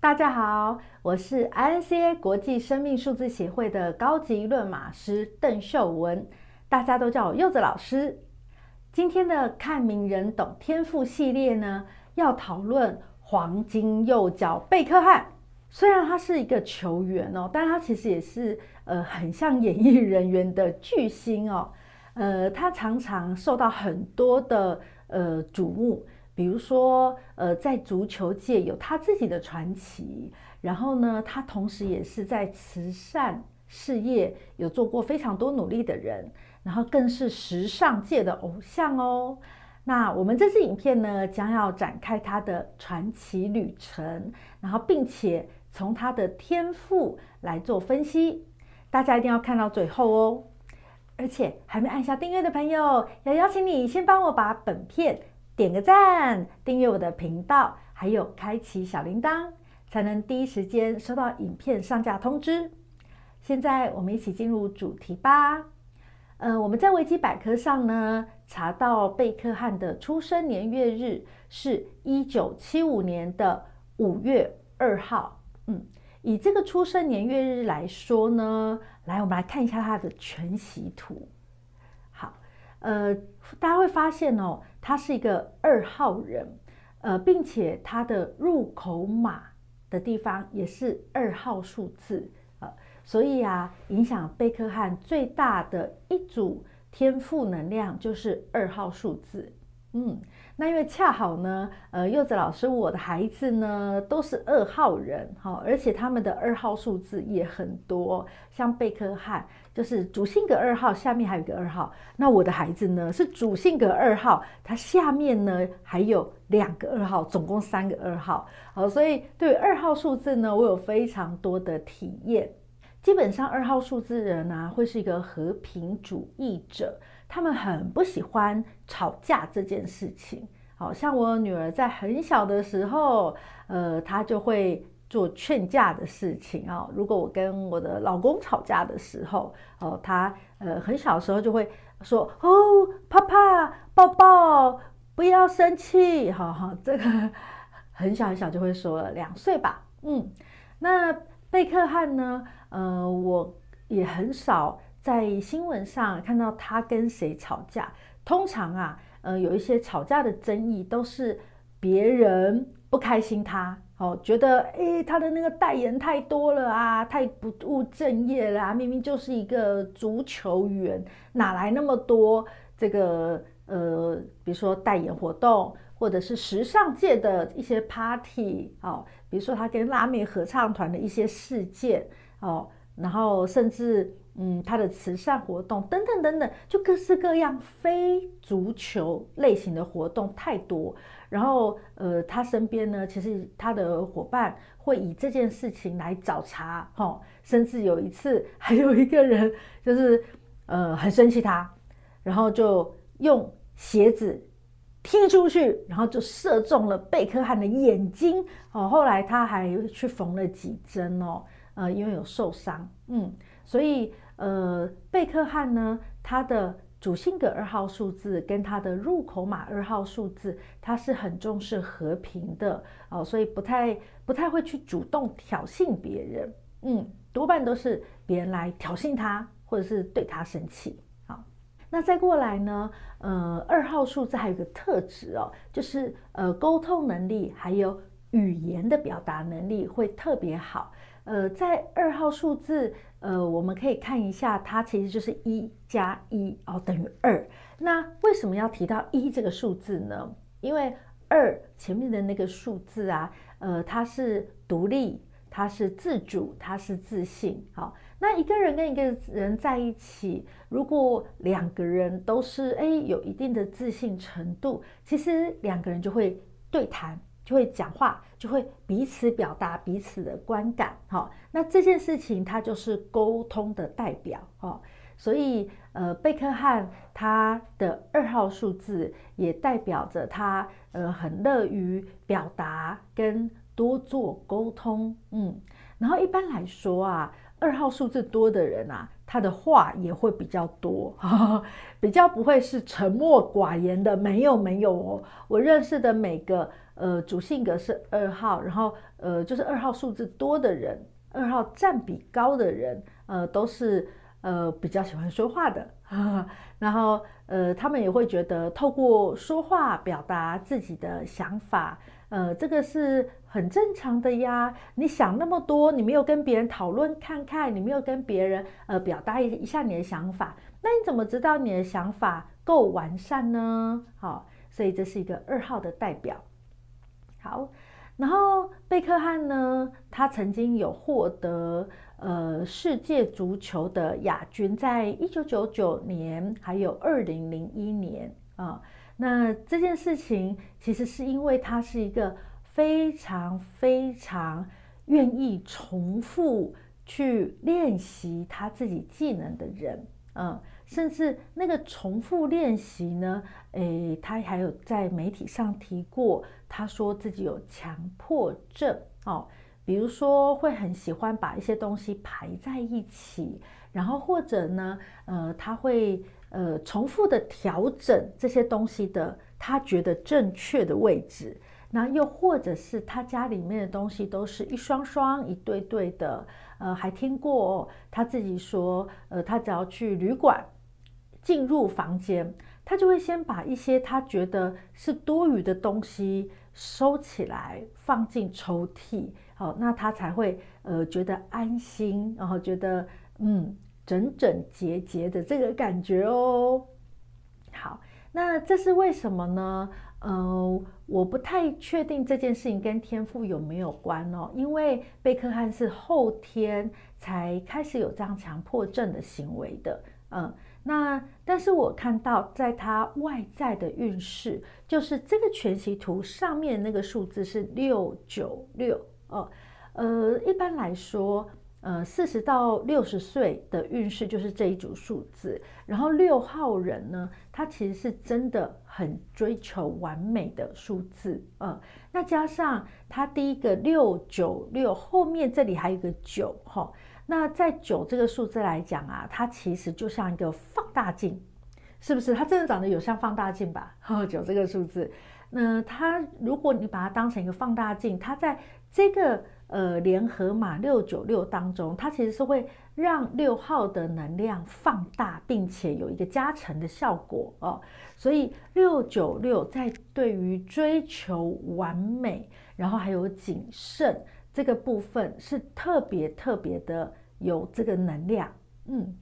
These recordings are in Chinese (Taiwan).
大家好，我是 INCA 國際生命數字協會的高級論碼師鄧琇文，大家都叫我柚子老師。今天的看名人懂天賦系列呢，要討論黃金右腳貝克漢。雖然他是一個球員哦，但他其實也是呃很像演藝人員的巨星哦。呃，他常常受到很多的呃矚目。比如說，呃，在足球界有他自己的傳奇，然後呢，他同時也是在慈善事業有做過非常多努力的人，然後更是時尚界的偶像哦。那我們這支影片呢，將要展開他的傳奇旅程，然後並且從他的天賦來做分析，大家一定要看到最後哦。而且還沒按下訂閱的朋友，也邀請你先幫我把本片。點個讚，訂閱我的頻道，還有開啟小鈴鐺，才能第一時間收到影片上架通知。現在我們一起進入主題吧。呃，我們在維基百科上呢，查到貝克漢的出生年月日是一九七五年的五月二號。嗯，以這個出生年月日來說呢，來我們來看一下他的全息圖。好，呃。大家會發現哦，他是一個二號人，呃，並且他的入口碼的地方也是二號數字，呃，所以啊，影響貝克漢最大的一組天賦能量就是二號數字。嗯，那因為恰好呢，呃，柚子老師，我的孩子呢都是二號人，好、哦，而且他們的二號數字也很多，像貝克漢，就是主性格二號下面還有一個二號。那我的孩子呢是主性格二號，他下面呢還有兩個二號，總共三個二號，好、哦，所以對二號數字呢，我有非常多的體驗。基本上二號數字人啊，會是一個和平主義者。他們很不喜歡吵架這件事情好，好像我女兒在很小的時候，呃，她就會做勸架的事情啊。如果我跟我的老公吵架的時候，哦、呃，她呃很小的時候就會說：“哦，爸爸抱抱，不要生氣。好”哈哈，這個很小很小就會說了，兩歲吧。嗯，那貝克漢呢？呃，我也很少。在新聞上看到他跟誰吵架，通常啊，呃，有一些吵架的爭議都是別人不開心他哦，覺得哎、欸，他的那個代言太多了啊，太不務正業啦、啊！明明就是一個足球員，哪來那麼多這個呃，比如說代言活動，或者是時尚界的一些 party 哦，比如說他跟辣妹合唱團的一些事件哦，然後甚至。嗯，他的慈善活動等等等等，就各式各樣非足球類型的活動太多。然後，呃，他身邊呢，其實他的夥伴會以這件事情來找茬，哈、哦。甚至有一次，還有一個人就是，呃，很生氣他，然後就用鞋子踢出去，然後就射中了貝克漢的眼睛，哦。後來他還去縫了幾針哦，呃，因為有受傷，嗯，所以。呃，貝克漢呢，他的主性格二號數字跟他的入口碼二號數字，他是很重視和平的哦，所以不太不太會去主動挑釁別人，嗯，多半都是別人來挑釁他或者是對他生氣。好，哦，那再過來呢，呃，二號數字還有一個特質哦，就是呃，溝通能力還有語言的表達能力會特別好。呃，在二號數字，呃，我們可以看一下，它其實就是一加一哦，等於二。那為什麼要提到一這個數字呢？因為二前面的那個數字啊，呃，它是獨立，它是自主，它是自信。好，那一個人跟一個人在一起，如果兩個人都是，哎，有一定的自信程度，其實兩個人就會對談。就會講話，就會彼此表達彼此的觀感，哈。那這件事情，它就是溝通的代表，哈。所以，呃，貝克漢他的二號數字也代表着他，呃，很樂於表達跟多做溝通，嗯。然後一般來說啊，二號數字多的人啊，他的話也會比較多， 比較不會是沉默寡言的。沒有，沒有哦，我認識的每個。呃，主性格是二號，然後呃，就是二號數字多的人，二號佔比高的人，呃，都是呃比較喜歡說話的，哈哈，然後呃，他們也會覺得透過說話表達自己的想法，呃，這個是很正常的呀。你想那麼多，你沒有跟別人討論看看，你沒有跟別人呃表達一一下你的想法，那你怎麼知道你的想法夠完善呢？好，所以這是一個二號的代表。好，然後貝克漢呢，他曾經有獲得呃世界足球的亞軍，在一九九九年，還有二零零一年啊。那這件事情其實是因為他是一個非常非常願意重複去練習他自己技能的人，嗯，甚至那個重複練習呢，誒，他還有在媒體上提過。他說自己有強迫症哦、喔，比如說會很喜歡把一些東西排在一起，然後或者呢，呃，他會呃重複的調整這些東西的他覺得正確的位置，那又或者是他家裡面的東西都是一雙雙、一對對的，呃，還聽過喔，他自己說，呃，他只要去旅館進入房間。他就會先把一些他覺得是多餘的東西收起來，放進抽屜，好，那他才會呃覺得安心，然後覺得嗯整整潔潔的這個感覺哦。好，那這是為什麼呢？嗯，我不太確定這件事情跟天賦有沒有關哦，因為貝克漢是後天才開始有這樣強迫症的行為的。嗯，那但是我看到在他外在的運勢，就是這個全息圖上面那個數字是六九六哦。呃，一般來說，呃，四十到六十歲的運勢就是這一組數字。然後六號人呢，他其實是真的很追求完美的數字，呃、嗯，那加上他第一個六九六後面這裡還有一個九那在九這個數字來講啊，它其實就像一個放大鏡，是不是？它真的長得有像放大鏡吧？哦，九這個數字，那它如果你把它當成一個放大鏡，它在這個呃聯合碼六九六當中，它其實是會讓六號的能量放大，並且有一個加成的效果哦。所以六九六在對於追求完美，然後還有謹慎。這個部分是特別特別的有這個能量，嗯，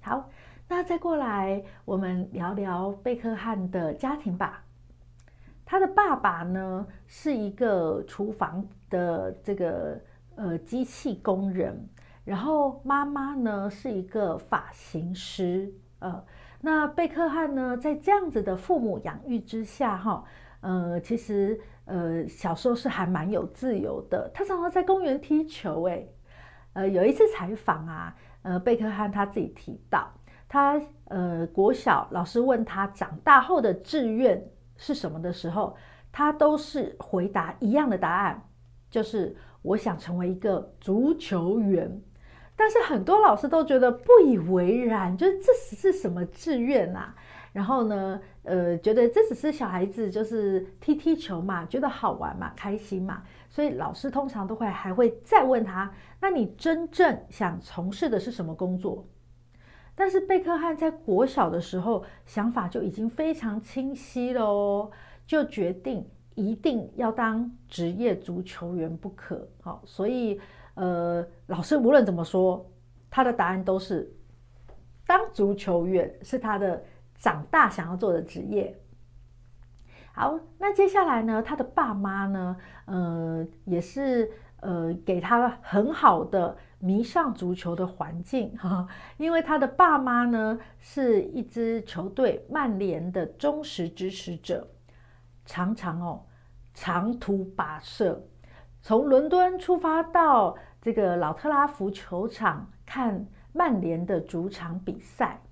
好，那再過來我們聊聊貝克漢的家庭吧。他的爸爸呢是一個廚房的這個呃機器工人，然後媽媽呢是一個髮型師，呃，那貝克漢呢在這樣子的父母養育之下，哦，哈。呃，其實呃，小時候是還蠻有自由的。他常常在公園踢球，欸，呃，有一次採訪啊，呃，貝克漢他自己提到，他呃，國小老師問他長大後的志願是什麼的時候，他都是回答一樣的答案，就是我想成為一個足球員。但是很多老師都覺得不以為然，就是這是什麼志願啊？然後呢，呃，覺得這只是小孩子，就是踢踢球嘛，覺得好玩嘛，開心嘛，所以老師通常都會還會再問他，那你真正想從事的是什麼工作？但是貝克漢在國小的時候，想法就已經非常清晰了哦，就決定一定要當職業足球員不可。好，哦，所以呃，老師無論怎麼說，他的答案都是當足球員是他的長大想要做的職業。好，那接下來呢？他的爸媽呢？呃，也是呃，給他很好的迷上足球的環境哈。因為他的爸媽呢，是一支球隊曼聯的忠實支持者，常常哦、喔、長途跋涉，從倫敦出發到這個老特拉福球場看曼聯的主場比賽。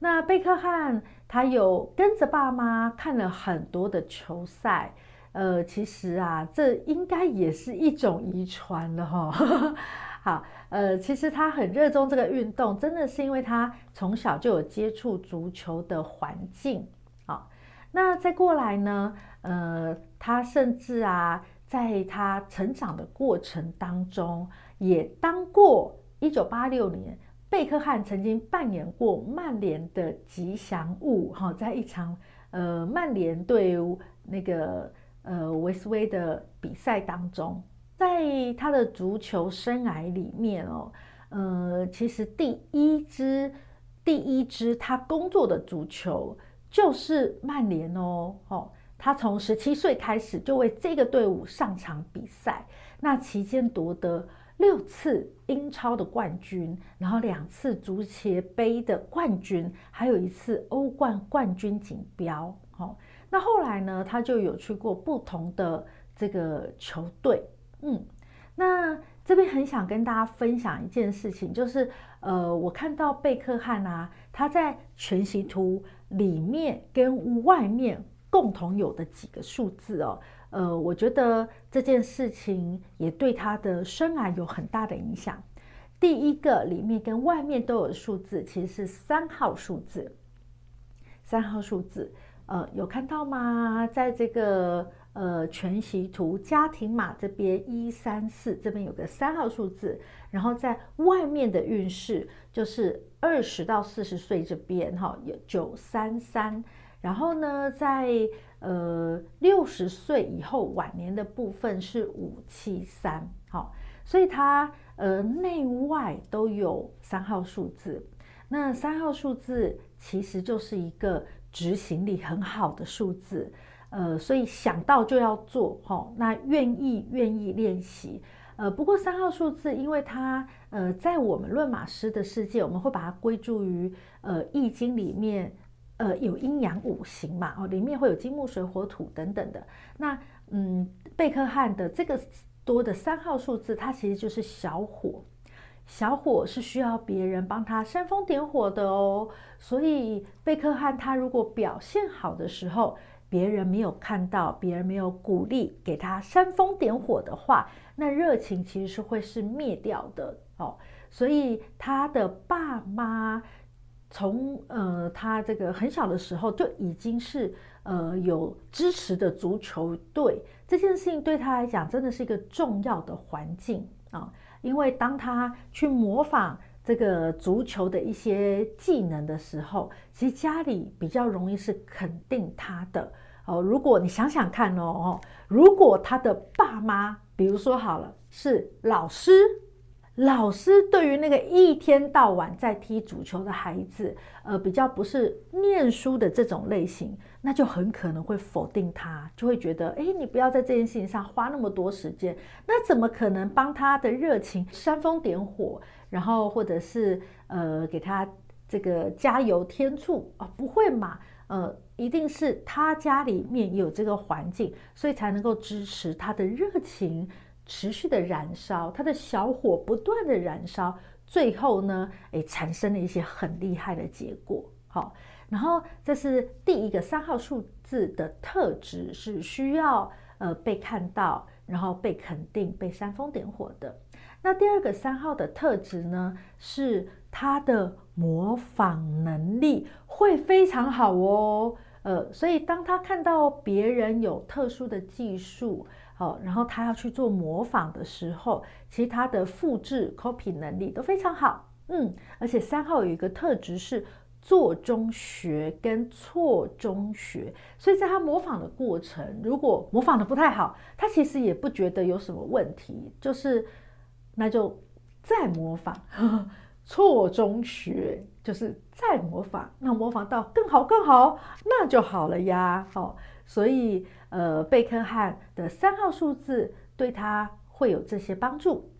那貝克漢他有跟着爸媽看了很多的球賽，呃，其實啊，這應該也是一種遺傳的哈、哦。好，呃，其實他很熱衷這個運動，真的是因為他從小就有接觸足球的環境。好，那再過來呢，呃，他甚至啊，在他成長的過程當中，也當過一九八六年。貝克漢曾經扮演過曼聯的吉祥物，哈，在一場呃曼聯對那個呃維斯威的比賽當中，在他的足球生涯裡面哦，呃，其實第一支第一支他工作的足球就是曼聯哦、喔喔，他從十七歲開始就為這個隊伍上場比賽，那期間奪得。六次英超的冠軍，然後兩次足協盃的冠軍，還有一次歐冠冠軍錦標。哦，那後來呢，他就有去過不同的這個球隊。嗯，那這邊很想跟大家分享一件事情，就是呃，我看到貝克漢啊，他在全息圖裡面跟外面共同有的幾個數字哦。呃，我覺得這件事情也對他的生涯有很大的影響。第一個裡面跟外面都有數字，其實是三號數字。三號數字，呃，有看到嗎？在這個呃全息圖家庭碼這邊，一三四這邊有個三號數字，然後在外面的運勢就是二十到四十歲這邊哈、哦，有九三三。然後呢，在呃六十歲以後晚年的部分是五七三，好，所以它呃內外都有三號數字。那三號數字其實就是一個執行力很好的數字，呃，所以想到就要做，哈、哦，那願意願意練習，呃，不過三號數字因為它呃在我們論碼師的世界，我們會把它歸注於呃易經裡面。呃，有陰陽五行嘛，哦，裡面會有金木水火土等等的。那，嗯，貝克漢的這個多的三號數字，它其實就是小火。小火是需要別人幫他煽風點火的哦。所以貝克漢他如果表現好的時候，別人沒有看到，別人沒有鼓勵給他煽風點火的話，那熱情其實是會是滅掉的哦。所以他的爸媽。從呃，他這個很小的時候就已經是呃有支持的足球隊這件事情，對他來講真的是一個重要的環境啊。因為當他去模仿這個足球的一些技能的時候，其實家裡比較容易是肯定他的哦、啊。如果你想想看哦，如果他的爸媽，比如說好了，是老師。老師對於那個一天到晚在踢足球的孩子，呃，比較不是念書的這種類型，那就很可能會否定他，就會覺得，誒，你不要在這件事情上花那麼多時間，那怎麼可能幫他的熱情煽風點火，然後或者是呃給他這個加油添醋啊？不會嘛，呃，一定是他家裡面有這個環境，所以才能夠支持他的熱情。持續的燃燒，他的小火不斷的燃燒，最後呢，誒，產生了一些很厲害的結果。好，然後這是第一個三號數字的特質，是需要呃被看到，然後被肯定，被煽風點火的。那第二個三號的特質呢，是他的模仿能力會非常好哦。呃，所以當他看到別人有特殊的技術，好、哦，然後他要去做模仿的時候，其他的複製 （copy） 能力都非常好，嗯，而且三號有一個特質是做中學跟錯中學，所以在他模仿的過程，如果模仿的不太好，他其實也不覺得有什麼問題，就是那就再模仿，呵呵錯中學就是再模仿，那模仿到更好更好，那就好了呀。哦，所以。呃，貝克漢的三號數字對他會有這些幫助。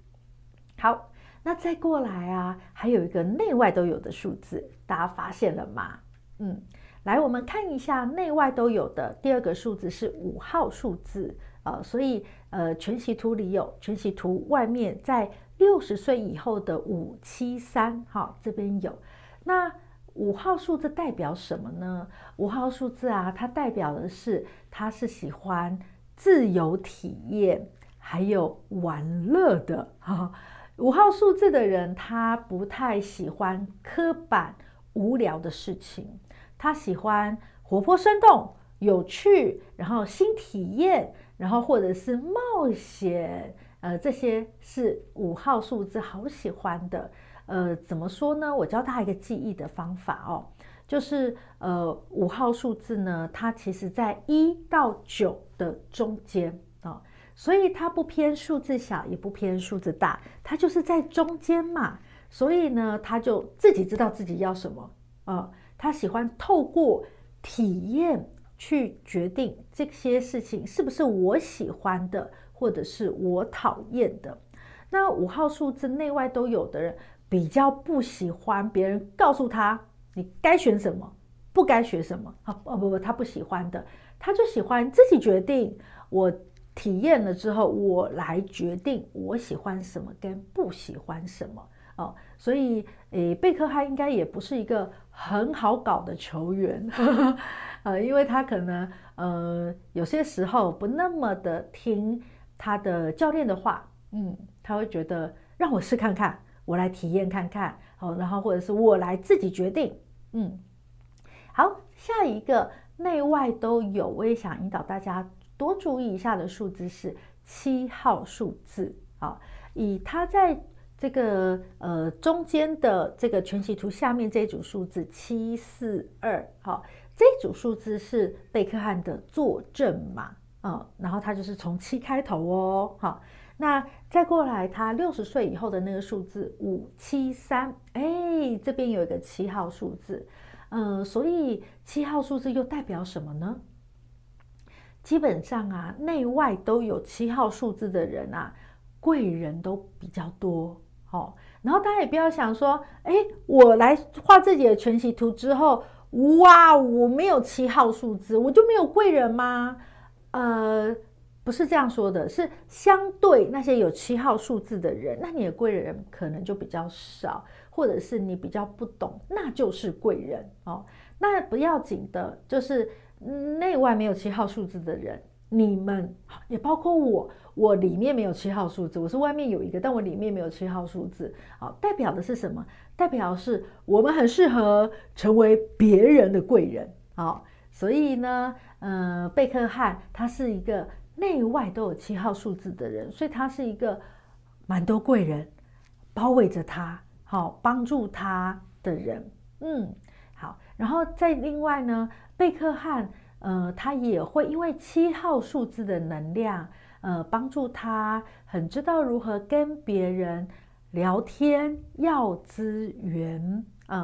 好，那再過來啊，還有一個內外都有的數字，大家發現了嗎？嗯，來，我們看一下內外都有的第二個數字是五號數字。呃，所以呃，全息圖裡有，全息圖外面在六十歲以後的五七三，哈，這邊有那。五號數字代表什麼呢？五號數字啊，它代表的是他是喜歡自由體驗，還有玩樂的。哦，五號數字的人，他不太喜歡刻板無聊的事情，他喜歡活潑生動、有趣，然後新體驗，然後或者是冒險。呃，這些是五號數字好喜歡的。呃，怎麼說呢？我教大家一個記憶的方法哦，就是呃，五號數字呢，它其實在一到九的中間啊，哦，所以它不偏數字小，也不偏數字大，它就是在中間嘛。所以呢，他就自己知道自己要什麼啊，他，哦，喜歡透過體驗去決定這些事情是不是我喜歡的，或者是我討厭的。那五號數字內外都有的人。比較不喜歡別人告訴他你該選什麼，不該選什麼啊、哦？哦，不不，他不喜歡的，他就喜歡自己決定。我體驗了之後，我來決定我喜歡什麼跟不喜歡什麼哦。所以，誒、呃，貝克漢應該也不是一個很好搞的球員， 呃，因為他可能呃有些時候不那麼的聽他的教練的話，嗯，他會覺得讓我試看看。我來體驗看看，好，然後或者是我來自己決定，嗯，好。下一個內外都有，我也想引導大家多注意一下的數字是七號數字啊，以它在這個呃中間的這個全息圖下面這組數字七四二，好，這組數字是貝克漢的作證碼，嗯，然後它就是從七開頭哦，好。那再過來，他六十歲以後的那個數字五七三，哎，這邊有一個七號數字，嗯、呃，所以七號數字又代表什麼呢？基本上啊，內外都有七號數字的人啊，貴人都比較多。哦。然後大家也不要想說，哎、欸，我來畫自己的全息圖之後，哇，我沒有七號數字，我就沒有貴人嗎？呃。不是這樣說的，是相對那些有七號數字的人，那你的貴人可能就比較少，或者是你比較不懂，那就是貴人哦。那不要緊的，就是內外沒有七號數字的人，你們也包括我，我裡面沒有七號數字，我是外面有一個，但我裡面沒有七號數字，好，代表的是什麼？代表的是我們很適合成為別人的貴人，好，所以呢。呃，貝克漢他是一個內外都有七號數字的人，所以他是一個蠻多貴人包圍着他，好、喔、幫助他的人。嗯，好，然後再另外呢，貝克漢，呃，他也會因為七號數字的能量，呃，幫助他很知道如何跟別人聊天要資源嗯、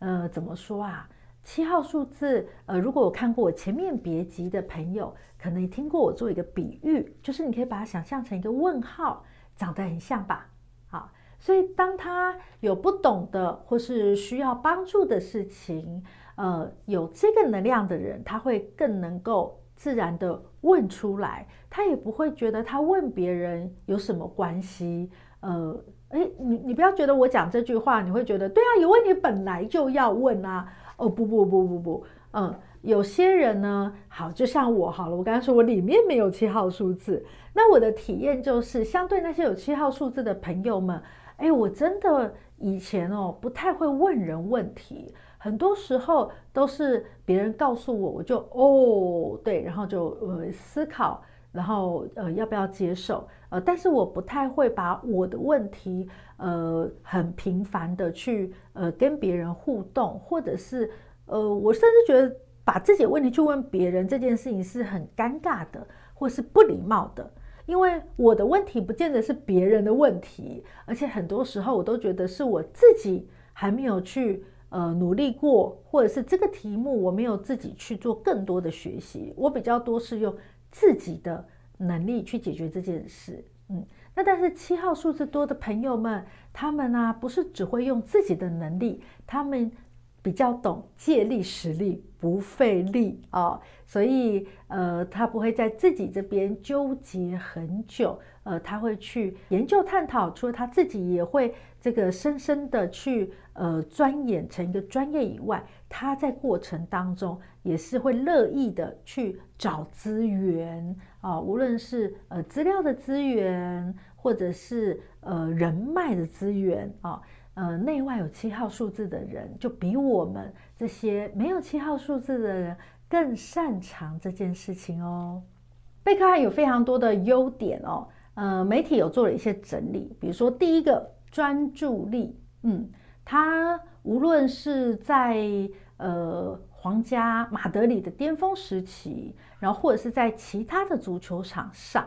呃，呃，怎麼說啊？七號數字，呃，如果有看過我前面別集的朋友，可能也聽過我做一個比喻，就是你可以把它想象成一個問號，長得很像吧？好，所以當他有不懂的或是需要幫助的事情，呃，有這個能量的人，他會更能夠自然的問出來，他也不會覺得他問別人有什麼關係。呃，誒，你你不要覺得我講這句話，你會覺得對啊，有問題本來就要問啊。哦，不不不不不，嗯，有些人呢，好，就像我好了，我剛才說我裡面沒有七號數字，那我的體驗就是，相對那些有七號數字的朋友們，哎、欸，我真的以前哦不太會問人問題，很多時候都是別人告訴我，我就哦對，然後就、嗯、思考。然後呃要不要接受？呃但是我不太會把我的問題呃很頻繁的去呃跟別人互動或者是呃我甚至覺得把自己的問題去問別人這件事情是很尷尬的或是不禮貌的，因為我的問題不見得是別人的問題，而且很多時候我都覺得是我自己還沒有去呃努力過或者是這個題目我沒有自己去做更多的學習，我比較多是用。自己的能力去解決這件事，嗯，那但是七號數字多的朋友們，他們呢、啊、不是只會用自己的能力，他們比較懂借力使力，不費力啊、哦，所以呃，他不會在自己這邊糾結很久，呃，他會去研究探討，除了他自己也會這個深深的去呃鑽研成一個專業以外，他在過程當中。也是會樂意的去找資源啊，無論是呃資料的資源，或者是呃人脈的資源啊，呃，內外有七號數字的人，就比我們這些沒有七號數字的人更擅長這件事情哦。貝克漢有非常多的優點哦，呃，媒體有做了一些整理，比如說第一個專注力，嗯，他無論是在呃。皇家馬德里的巔峰時期，然後或者是在其他的足球場上，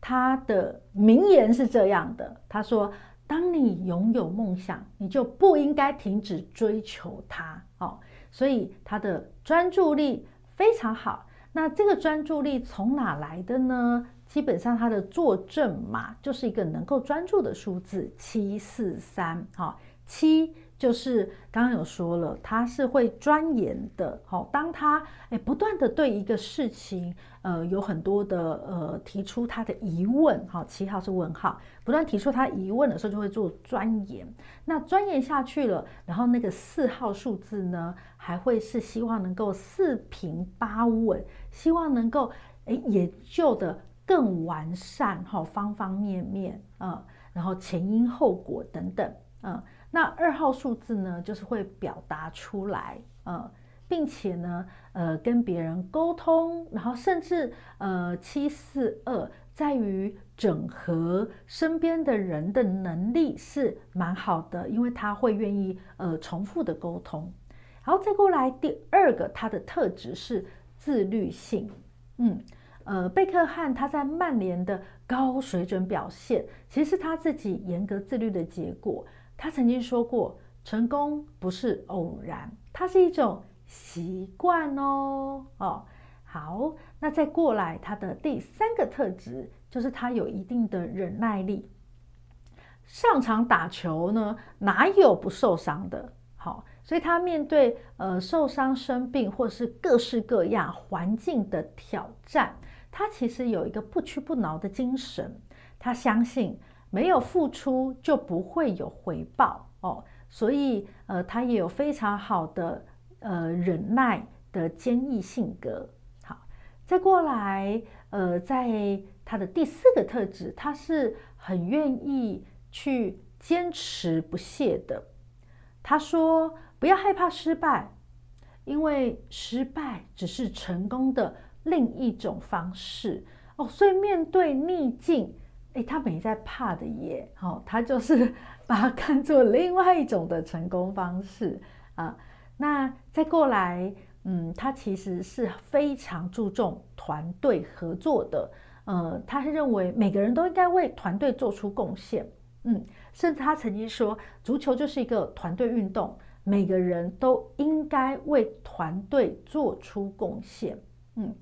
他的名言是這樣的：他說，當你擁有夢想，你就不應該停止追求它。哦，所以他的專注力非常好。那這個專注力從哪來的呢？基本上他的作證嘛，就是一個能夠專注的數字七四三。743，哦七。7就是剛剛有說了，他是會鑽研的。好，當他哎不斷的對一個事情，呃，有很多的呃提出他的疑問，哈，七號是問號，不斷提出他疑問的時候，就會做鑽研。那鑽研下去了，然後那個四號數字呢，還會是希望能夠四平八穩，希望能夠哎研究的更完善，哈，方方面面啊，然後前因後果等等，嗯。那二號數字呢，就是會表達出來，呃，並且呢，呃，跟別人溝通，然後甚至呃，七四二在於整合身邊的人的能力是蠻好的，因為他會願意呃重複的溝通，然後再過來第二個，他的特質是自律性，嗯，呃，貝克漢他在曼聯的高水準表現，其實是他自己嚴格自律的結果。他曾經說過，成功不是偶然，它是一種習慣哦哦。好，那再過來，他的第三個特質就是他有一定的忍耐力。上場打球呢，哪有不受傷的？好，哦，所以他面對呃受傷、生病或者是各式各樣環境的挑戰，他其實有一個不屈不撓的精神。他相信。沒有付出就不會有回報哦，所以呃，他也有非常好的呃忍耐的堅毅性格。好，再過來呃，在他的第四個特質，他是很願意去堅持不懈的。他說：“不要害怕失敗，因為失敗只是成功的另一種方式哦。”所以面對逆境。哎，他沒在怕的耶，好、哦，他就是把它看作另外一種的成功方式啊。那再過來，嗯，他其實是非常注重團隊合作的，呃、嗯，他認為每個人都應該為團隊做出貢獻，嗯，甚至他曾經說，足球就是一個團隊運動，每個人都應該為團隊做出貢獻，嗯。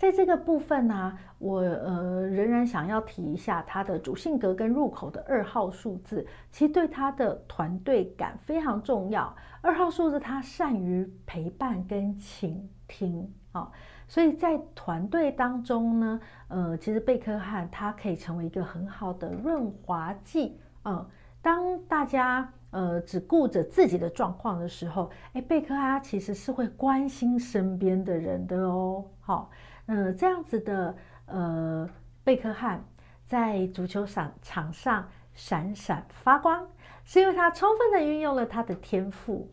在這個部分呢、啊，我呃仍然想要提一下他的主性格跟入口的二號數字，其實對他的團隊感非常重要。二號數字他善於陪伴跟傾聽、哦、所以在團隊當中呢，呃，其實貝克漢他可以成為一個很好的潤滑劑啊、呃。當大家呃只顧着自己的狀況的時候，哎，貝克漢其實是會關心身邊的人的哦，好、哦。呃，這樣子的，呃，貝克漢在足球場場上閃閃發光，是因為他充分的運用了他的天賦。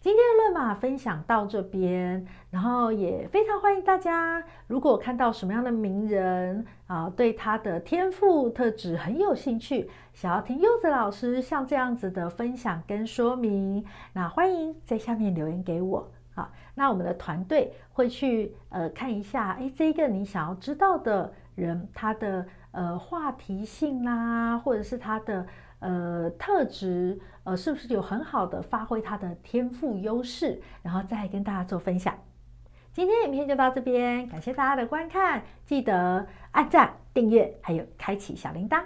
今天的論碼分享到這邊，然後也非常歡迎大家，如果看到什麼樣的名人啊，對他的天賦特質很有興趣，想要聽柚子老師像這樣子的分享跟說明，那歡迎在下面留言給我。那我們的團隊會去呃看一下，哎，這一個你想要知道的人，他的呃話題性啦，或者是他的呃特質，呃，是不是有很好的發揮他的天賦優勢，然後再跟大家做分享。今天影片就到這邊，感謝大家的觀看，記得按讚、訂閱，還有開啟小鈴鐺。